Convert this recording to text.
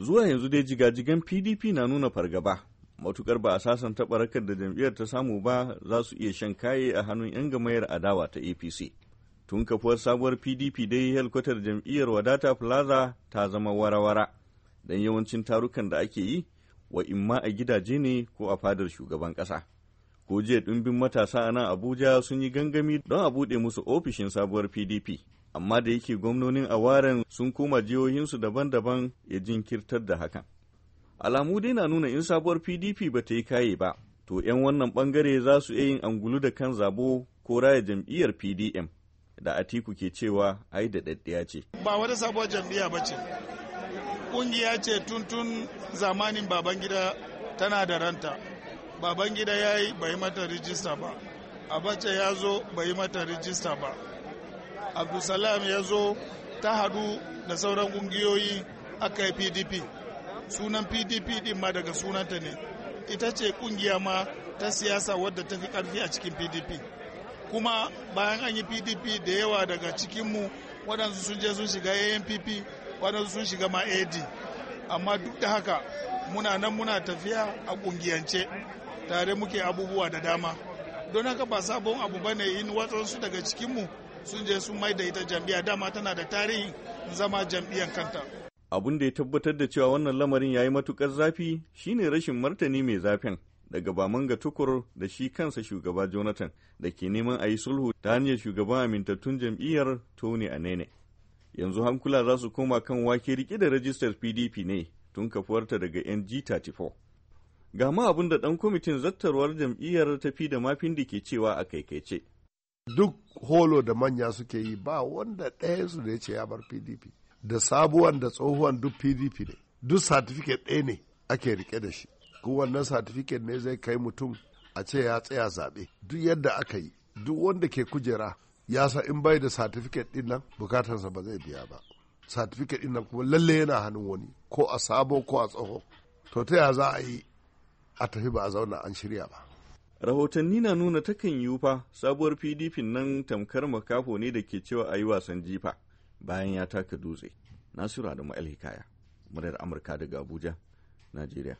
Zuwa yanzu dai jigajigan PDP na nuna fargaba. Matukar ba a sasanta barakar da jam'iyyar ta samu ba za su iya shan kaye a hannun 'yan gamayar adawa ta APC. Tun kafuwar sabuwar PDP dai helkwatar jam'iyyar Wadata Plaza ta zama wara-wara Don yawancin tarukan da ake yi, wa imma a gidaje ne ko a fadar shugaban ƙasa. Ko jiya ɗumbin matasa a nan Abuja sun yi gangami don a buɗe musu ofishin sabuwar PDP. amma da yake gwamnonin a waren sun koma jihohinsu daban-daban ya jinkirtar da hakan. Alamu dai na nuna in sabuwar PDP ba ta yi kaye ba, to 'yan wannan bangare za su iya yin angulu da kan zabo ko raya jam'iyyar PDM da Atiku ke cewa ai da daddiya ce. Ba wata sabuwar jam'iyya ba ce, ƙungiya ce tuntun zamanin Babangida tana da ranta. Babangida ya yi bai mata rijista ba, Abacha ya zo bai mata rijista ba. abdulsalam ya zo ta hadu da sauran kungiyoyi aka yi pdp sunan pdp din ma daga sunanta ne ita ce kungiya ma ta siyasa wadda ta fi karfi a cikin pdp kuma bayan an yi pdp da yawa daga cikinmu waɗansu sun je sun shiga ampp waɗansu sun shiga ma ad amma duk da haka muna nan muna tafiya a ƙungiyance tare muke abubuwa da dama don haka ba sabon abu bane in watsansu daga cikinmu sun je sun mai da ita jam'iyya dama tana da tarihin zama jam'iyyar kanta abun da ya tabbatar da cewa wannan lamarin ya yi matukar zafi shine rashin martani mai zafin daga Bamanga Tukur da shi kansa shugaba Jonathan da ke neman a yi sulhu ta hanyar shugaban amintattun jam'iyyar Tony Anene. Yanzu hankula za su koma kan wake rike da rajistar PDP ne tun kafuwarta daga NG34. Ga ma abin da ɗan kwamitin zattarwar jam'iyyar tafi da mafin da ke cewa a kaikaice. duk holo da manya suke yi ba wanda ɗaya da ya ce ya bar pdp da sabuwan da tsohuwan duk pdp ne duk satifiket ɗaya ne ake rike da shi ko wannan satifiket ne zai kai mutum a ce ya tsaya zaɓe duk yadda aka yi duk wanda ke kujera ya sa in bai da satifiket ɗin nan bukatarsa ba zai biya ba satifiket ɗin nan kuma lalle yana hannun wani ko a sabo ko a tsoho to ta ya za a yi a tafi ba a zauna an shirya ba rahotanni na nuna takan yiwu fa sabuwar pdp nan tamkar makafo ne da ke cewa a yi wasan jifa bayan ya taka dutse nasiru adamu alhikaya muryar amurka daga abuja najeriya